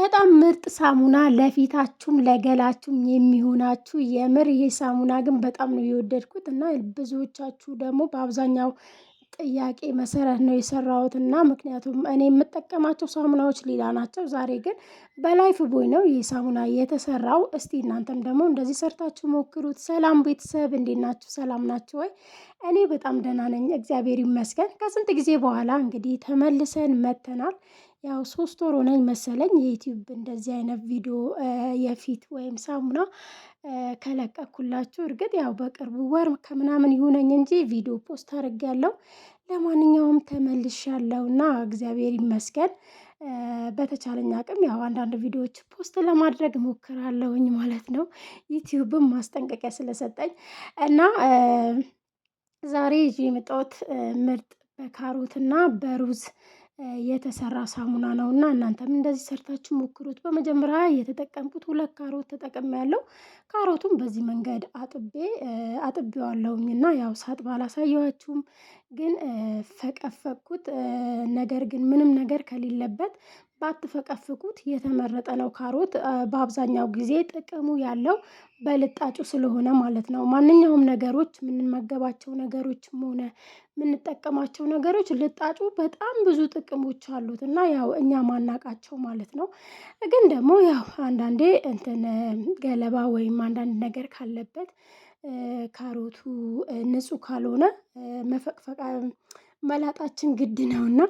በጣም ምርጥ ሳሙና ለፊታችሁም ለገላችሁም የሚሆናችሁ የምር ይሄ ሳሙና ግን በጣም ነው የወደድኩት እና ብዙዎቻችሁ ደግሞ በአብዛኛው ጥያቄ መሰረት ነው የሰራሁት እና ምክንያቱም እኔ የምጠቀማቸው ሳሙናዎች ሌላ ናቸው። ዛሬ ግን በላይፍ ቦይ ነው ይህ ሳሙና የተሰራው። እስቲ እናንተም ደግሞ እንደዚህ ሰርታችሁ ሞክሩት። ሰላም ቤተሰብ እንዴት ናችሁ? ሰላም ናችሁ ወይ? እኔ በጣም ደህና ነኝ፣ እግዚአብሔር ይመስገን። ከስንት ጊዜ በኋላ እንግዲህ ተመልሰን መጥተናል። ያው ሶስት ወር ሆነኝ መሰለኝ የዩቲዩብ እንደዚህ አይነት ቪዲዮ የፊት ወይም ሳሙና ከለቀኩላችሁ እርግጥ ያው በቅርቡ ወር ከምናምን ይሁነኝ እንጂ ቪዲዮ ፖስት አድርጌያለሁ። ለማንኛውም ተመልሻለሁና እግዚአብሔር ይመስገን። በተቻለኝ አቅም ያው አንዳንድ ቪዲዮዎች ፖስት ለማድረግ እሞክራለሁኝ ማለት ነው። ዩቲዩብም ማስጠንቀቂያ ስለሰጠኝ እና ዛሬ ይዤ የመጣሁት ምርጥ በካሮትና በሩዝ የተሰራ ሳሙና ነው እና እናንተም እንደዚህ ሰርታችሁ ሞክሩት። በመጀመሪያ የተጠቀምኩት ሁለት ካሮት ያለው ካሮቱም በዚህ መንገድ አጥቤ አጥቤዋለሁኝ እና ያው ሳጥብ አላሳየኋችሁም። ግን ፈቀፈቅኩት ነገር ግን ምንም ነገር ከሌለበት ባትፈቀፍቁት የተመረጠ ነው። ካሮት በአብዛኛው ጊዜ ጥቅሙ ያለው በልጣጩ ስለሆነ ማለት ነው። ማንኛውም ነገሮች የምንመገባቸው ነገሮችም ሆነ የምንጠቀማቸው ነገሮች ልጣጩ በጣም ብዙ ጥቅሞች አሉት እና ያው እኛ ማናቃቸው ማለት ነው። ግን ደግሞ ያው አንዳንዴ እንትን ገለባ ወይም አንዳንድ ነገር ካለበት ካሮቱ ንጹህ ካልሆነ መፈቅፈቃ መላጣችን ግድ ነው እና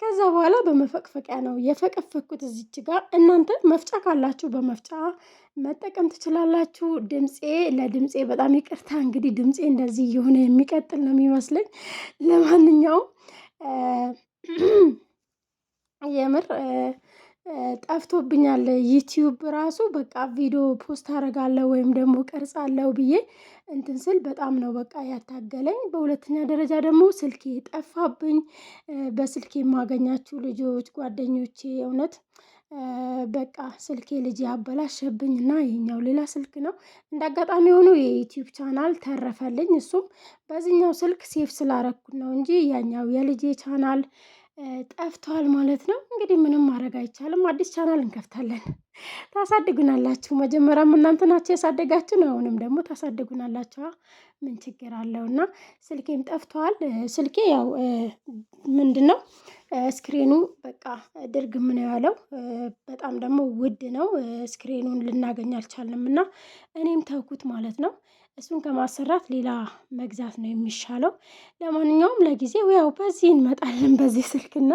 ከዛ በኋላ በመፈቅፈቂያ ነው የፈቀፈኩት። እዚች ጋር እናንተ መፍጫ ካላችሁ በመፍጫ መጠቀም ትችላላችሁ። ድምፄ ለድምፄ በጣም ይቅርታ እንግዲህ ድምፄ እንደዚህ እየሆነ የሚቀጥል ነው የሚመስለኝ። ለማንኛውም የምር ጠፍቶብኛል ዩቲዩብ ራሱ በቃ ቪዲዮ ፖስት አረጋለሁ ወይም ደግሞ አለው ብዬ እንትን ስል በጣም ነው በቃ ያታገለኝ በሁለተኛ ደረጃ ደግሞ ስልኬ ጠፋብኝ። በስልኬ የማገኛችሁ ልጆች ጓደኞቼ እውነት በቃ ስልኬ ልጅ አበላሸብኝ እና ይህኛው ሌላ ስልክ ነው እንደ አጋጣሚ ሆኖ የዩቲዩብ ቻናል ተረፈልኝ እሱም በዚህኛው ስልክ ሴፍ ስላረኩት ነው እንጂ ያኛው የልጄ ቻናል ጠፍተዋል ማለት ነው። እንግዲህ ምንም ማድረግ አይቻልም አዲስ ቻናል እንከፍታለን። ታሳድጉናላችሁ መጀመሪያም እናንተ ናቸው ያሳደጋችሁ ነው አሁንም ደግሞ ታሳድጉናላችሁ። ምን ችግር አለው? እና ስልኬም ጠፍቷል ስልኬ ያው ምንድነው ስክሪኑ በቃ ድርግ ምን ያለው በጣም ደግሞ ውድ ነው ስክሪኑን ልናገኝ አልቻልንም። እና እኔም ተውኩት ማለት ነው እሱን ከማሰራት ሌላ መግዛት ነው የሚሻለው። ለማንኛውም ለጊዜው ያው በዚህ እንመጣለን በዚህ ስልክና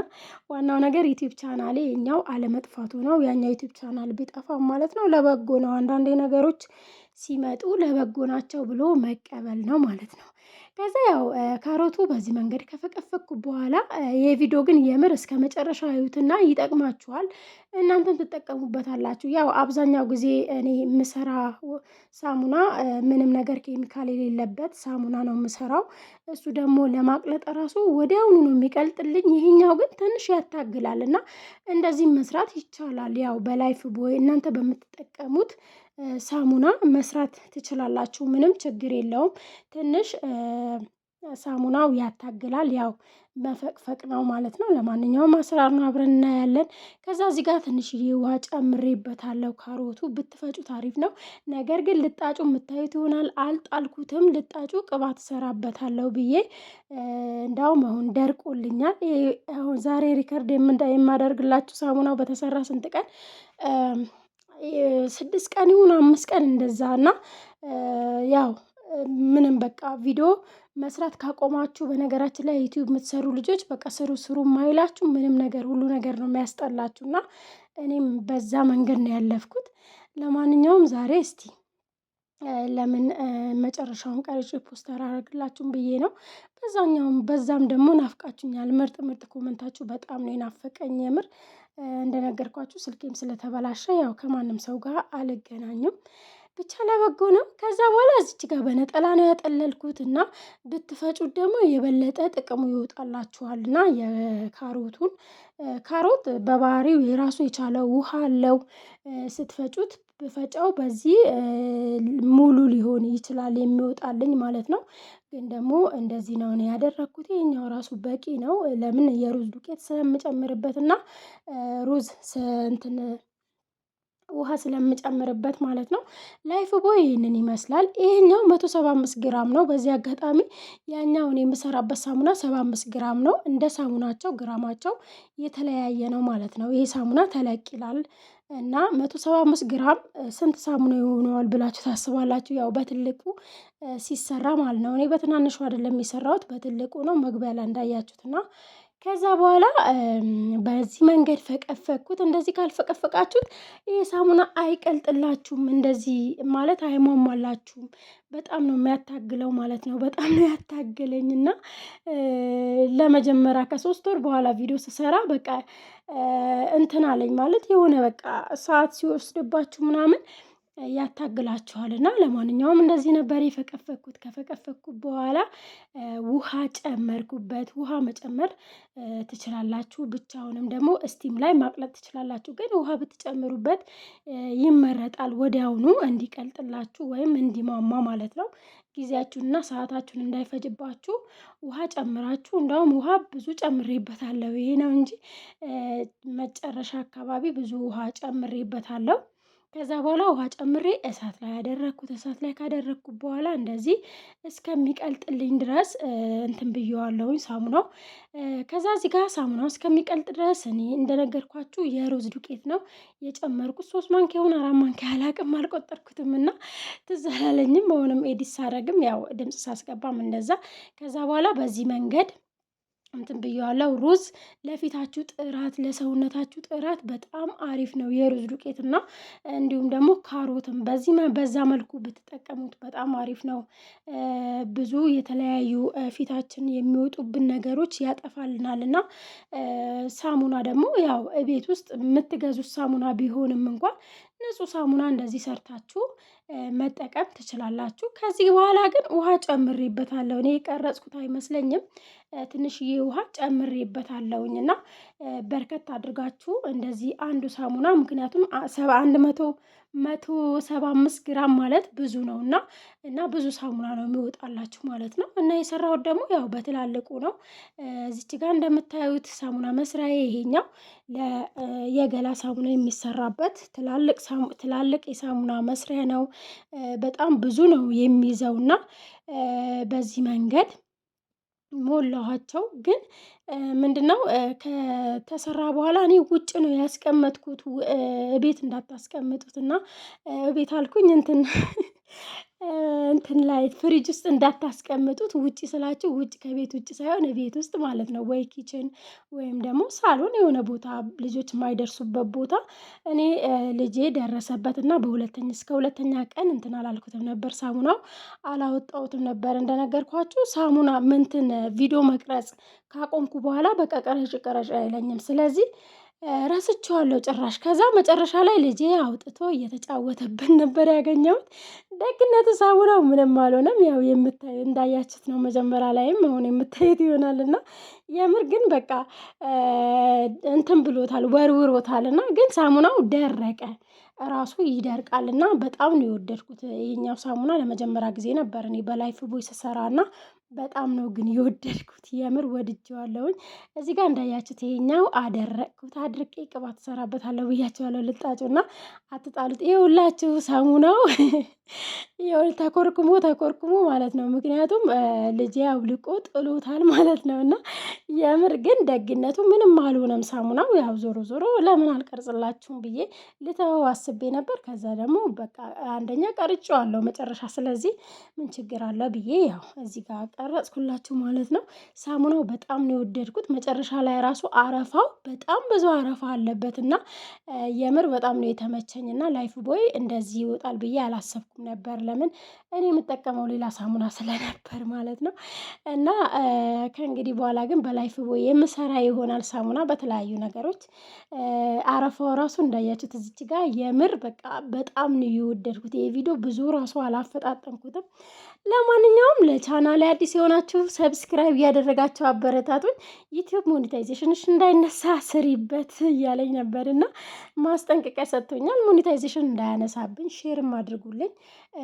ዋናው ነገር ዩቲብ ቻናሌ የኛው አለመጥፋቱ ነው። ያኛው ዩቲብ ቻናል ቢጠፋ ማለት ነው ለበጎ ነው አንዳንዴ ነገሮች ሲመጡ ለበጎ ናቸው ብሎ መቀበል ነው ማለት ነው። ከዛ ያው ካሮቱ በዚህ መንገድ ከፈቀፈኩ በኋላ የቪዲዮ ግን የምር እስከ መጨረሻ ያዩትና ይጠቅማችኋል እናንተም ትጠቀሙበታላችሁ። ያው አብዛኛው ጊዜ እኔ ምሰራ ሳሙና ምንም ነገር ኬሚካል የሌለበት ሳሙና ነው ምሰራው እሱ ደግሞ ለማቅለጥ ራሱ ወዲያውኑ ነው የሚቀልጥልኝ ይሄኛው ግን ትንሽ ያታግላል እና እንደዚህ መስራት ይቻላል። ያው በላይፍ ቦይ እናንተ በምትጠቀሙት ሳሙና መስራት ትችላላችሁ ምንም ችግር የለውም። ትንሽ ሳሙናው ያታግላል ያው መፈቅፈቅ ነው ማለት ነው። ለማንኛውም ነው አብረን እናያለን። ከዛ እዚህ ጋር ትንሽዬ ውሃ ጨምሬበታለሁ ካሮቱ ብትፈጩት አሪፍ ነው። ነገር ግን ልጣጩ የምታዩት ይሆናል አልጣልኩትም ልጣጩ ቅባት እሰራበታለሁ ብዬ እንዳውም አሁን ደርቆልኛል። አሁን ዛሬ ሪከርድ የማደርግላችሁ ሳሙናው በተሰራ ስንት ቀን? ስድስት ቀን ይሁን አምስት ቀን እንደዛ እና ያው ምንም በቃ ቪዲዮ መስራት ካቆማችሁ፣ በነገራችን ላይ ዩቲዩብ የምትሰሩ ልጆች በቃ ስሩ ስሩ ማይላችሁ ምንም ነገር ሁሉ ነገር ነው የሚያስጠላችሁ። እና እኔም በዛ መንገድ ነው ያለፍኩት። ለማንኛውም ዛሬ እስቲ ለምን መጨረሻውን ቀርጬ ፖስተር አላደርግላችሁም ብዬ ነው። በዛኛውም በዛም ደግሞ ናፍቃችሁኛል። ምርጥ ምርጥ ኮመንታችሁ በጣም ነው የናፈቀኝ። የምር እንደነገርኳችሁ ስልኬም ስለተበላሸ ያው ከማንም ሰው ጋር አልገናኝም። ብቻ ለበጎ ነው። ከዛ በኋላ እዚች ጋር በነጠላ ነው ያጠለልኩት እና ብትፈጩት ደግሞ የበለጠ ጥቅሙ ይወጣላችኋል። እና የካሮቱን ካሮት በባህሪው የራሱ የቻለ ውሃ አለው። ስትፈጩት ብፈጨው በዚህ ሙሉ ሊሆን ይችላል የሚወጣልኝ ማለት ነው። ግን ደግሞ እንደዚህ ነው ያደረግኩት። ያደረኩት ራሱ በቂ ነው። ለምን የሩዝ ዱቄት ስለምጨምርበት እና ሩዝ ስንትን ውሃ ስለምጨምርበት ማለት ነው። ላይፍ ቦይ ይህንን ይመስላል። ይህኛው መቶ ሰባ አምስት ግራም ነው። በዚህ አጋጣሚ ያኛውን የምሰራበት ሳሙና ሰባ አምስት ግራም ነው። እንደ ሳሙናቸው ግራማቸው የተለያየ ነው ማለት ነው። ይሄ ሳሙና ተለቅ ይላል እና መቶ ሰባ አምስት ግራም ስንት ሳሙና ይሆነዋል ብላችሁ ታስባላችሁ? ያው በትልቁ ሲሰራ ማለት ነው። እኔ በትናንሹ አይደለም የሰራሁት በትልቁ ነው። መግቢያ ላይ እንዳያችሁት ከዛ በኋላ በዚህ መንገድ ፈቀፈኩት። እንደዚህ ካልፈቀፈቃችሁት ይሄ ሳሙና አይቀልጥላችሁም፣ እንደዚህ ማለት አይሟሟላችሁም። በጣም ነው የሚያታግለው ማለት ነው። በጣም ነው ያታገለኝ እና ለመጀመሪያ ከሶስት ወር በኋላ ቪዲዮ ስሰራ በቃ እንትን አለኝ ማለት የሆነ በቃ ሰዓት ሲወስድባችሁ ምናምን ያታግላችኋል። እና ለማንኛውም እንደዚህ ነበር የፈቀፈኩት። ከፈቀፈኩት በኋላ ውሃ ጨመርኩበት። ውሃ መጨመር ትችላላችሁ፣ ብቻውንም ደግሞ እስቲም ላይ ማቅለጥ ትችላላችሁ። ግን ውሃ ብትጨምሩበት ይመረጣል፣ ወዲያውኑ እንዲቀልጥላችሁ ወይም እንዲሟሟ ማለት ነው። ጊዜያችሁንና ሰዓታችሁን እንዳይፈጅባችሁ ውሃ ጨምራችሁ እንደውም ውሃ ብዙ ጨምሬበታለሁ። ይሄ ነው እንጂ መጨረሻ አካባቢ ብዙ ውሃ ጨምሬበታለሁ ከዛ በኋላ ውሃ ጨምሬ እሳት ላይ ያደረግኩት። እሳት ላይ ካደረግኩት በኋላ እንደዚህ እስከሚቀልጥልኝ ድረስ እንትን ብየዋለውኝ ሳሙናው። ከዛ እዚህ ጋር ሳሙናው እስከሚቀልጥ ድረስ እኔ እንደነገርኳችሁ የሩዝ ዱቄት ነው የጨመርኩት። ሶስት ማንኪያውን አራት ማንኪያ አላቅም አልቆጠርኩትም፣ እና ትዝ አላለኝም። አሁንም ኤዲት ሳረግም ያው ድምፅ ሳስገባም እንደዛ። ከዛ በኋላ በዚህ መንገድ እንትን ብየዋለው። ሩዝ ለፊታችሁ ጥራት ለሰውነታችሁ ጥራት በጣም አሪፍ ነው የሩዝ ዱቄት እና እንዲሁም ደግሞ ካሮትም በዚህ በዛ መልኩ ብትጠቀሙት በጣም አሪፍ ነው። ብዙ የተለያዩ ፊታችን የሚወጡብን ነገሮች ያጠፋልናል እና ሳሙና ደግሞ ያው እቤት ውስጥ የምትገዙት ሳሙና ቢሆንም እንኳን ንጹህ ሳሙና እንደዚህ ሰርታችሁ መጠቀም ትችላላችሁ። ከዚህ በኋላ ግን ውሃ ጨምሬበታለሁ እኔ የቀረጽኩት አይመስለኝም ትንሽዬ ውሃ ጨምሬበታለሁኝ እና በርከት አድርጋችሁ እንደዚህ አንዱ ሳሙና ምክንያቱም አንድ መቶ መቶ ሰባ አምስት ግራም ማለት ብዙ ነው እና እና ብዙ ሳሙና ነው የሚወጣላችሁ ማለት ነው። እና የሰራሁት ደግሞ ያው በትላልቁ ነው። እዚች ጋር እንደምታዩት ሳሙና መስሪያ ይሄኛው የገላ ሳሙና የሚሰራበት ትላልቅ ትላልቅ የሳሙና መስሪያ ነው። በጣም ብዙ ነው የሚይዘው እና በዚህ መንገድ ሞላኋቸው ግን ምንድነው ከተሰራ በኋላ እኔ ውጭ ነው ያስቀመጥኩት። ቤት እንዳታስቀምጡት እና እቤት አልኩኝ እንትን እንትን ላይ ፍሪጅ ውስጥ እንዳታስቀምጡት ውጭ ስላችሁ ውጭ ከቤት ውጭ ሳይሆን ቤት ውስጥ ማለት ነው። ወይ ኪችን ወይም ደግሞ ሳሎን የሆነ ቦታ ልጆች የማይደርሱበት ቦታ እኔ ልጄ ደረሰበት እና በሁለተኛ እስከ ሁለተኛ ቀን እንትን አላልኩትም ነበር ሳሙናው አላወጣሁትም ነበር እንደነገርኳችሁ ሳሙና ምንትን ቪዲዮ መቅረጽ ካቆምኩ በኋላ በቃ ቀረጭ ቀረጭ አይለኝም ስለዚህ ረስቼዋለሁ ጭራሽ ከዛ መጨረሻ ላይ ልጄ አውጥቶ እየተጫወተብን ነበር ያገኘሁት ደግነት ሳሙናው ምንም አልሆነም። ያው የምታይ እንዳያችት ነው መጀመሪያ ላይም አሁን የምታየት ይሆናል። እና የምር ግን በቃ እንትን ብሎታል ወርውሮታል። እና ግን ሳሙናው ደረቀ ራሱ ይደርቃል። እና በጣም ነው የወደድኩት የኛው ሳሙና ለመጀመሪያ ጊዜ ነበር እኔ በላይፍ ቦይ ስሰራ እና በጣም ነው ግን የወደድኩት የምር ወድጄዋለሁኝ። እዚህ ጋር እንዳያችሁት ይሄኛው አደረቅኩት አድርቄ ቅባት እሰራበታለሁ ብያቸዋለሁ። እና አትጣሉት ይሄ ሳሙናው የሆነ ተኮርኩሞ ተኮርኩሞ ማለት ነው። ምክንያቱም ልጅ አውልቆ ጥሎታል ማለት ነው። እና የምር ግን ደግነቱ ምንም አልሆነም። ሳሙናው ያው ዞሮ ዞሮ ለምን አልቀርጽላችሁም ብዬ ልተወው አስቤ ነበር። ከዛ ደግሞ በቃ አንደኛ ቀርጬዋለሁ መጨረሻ ስለዚህ ምን ችግር አለ ብዬ ያው እዚህ ጋር ቀረጽኩላችሁ ማለት ነው። ሳሙናው በጣም ነው የወደድኩት መጨረሻ ላይ ራሱ አረፋው በጣም ብዙ አረፋ አለበት እና የምር በጣም ነው የተመቸኝ እና ላይፍ ቦይ እንደዚህ ይወጣል ብዬ አላሰብኩም ነበር። ለምን እኔ የምጠቀመው ሌላ ሳሙና ስለነበር ማለት ነው። እና ከእንግዲህ በኋላ ግን በላይፍ ቦይ የምሰራ ይሆናል ሳሙና በተለያዩ ነገሮች አረፋው ራሱ እንዳያችሁት እዚች ጋር የምር በቃ በጣም ነው የወደድኩት የቪዲዮ ብዙ ራሱ አላፈጣጠንኩትም። ለማንኛውም ለቻናል አዲስ የሆናችሁ ሰብስክራይብ እያደረጋችሁ አበረታቱኝ። ዩቲዩብ ሞኔታይዜሽንሽ እንዳይነሳ ስሪበት እያለኝ ነበር እና ማስጠንቀቂያ ሰጥቶኛል። ሞኔታይዜሽን እንዳያነሳብኝ ሼርም አድርጉልኝ።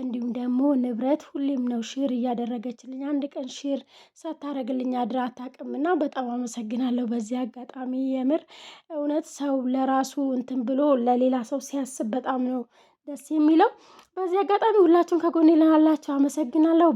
እንዲሁም ደግሞ ንብረት ሁሌም ነው ሼር እያደረገችልኝ። አንድ ቀን ሼር ሳታረግልኝ አድራ አታውቅም እና በጣም አመሰግናለሁ። በዚህ አጋጣሚ የምር እውነት ሰው ለራሱ እንትን ብሎ ለሌላ ሰው ሲያስብ በጣም ነው ደስ የሚለው። በዚህ አጋጣሚ ሁላችሁም ከጎኔ ላላችሁ አመሰግናለሁ።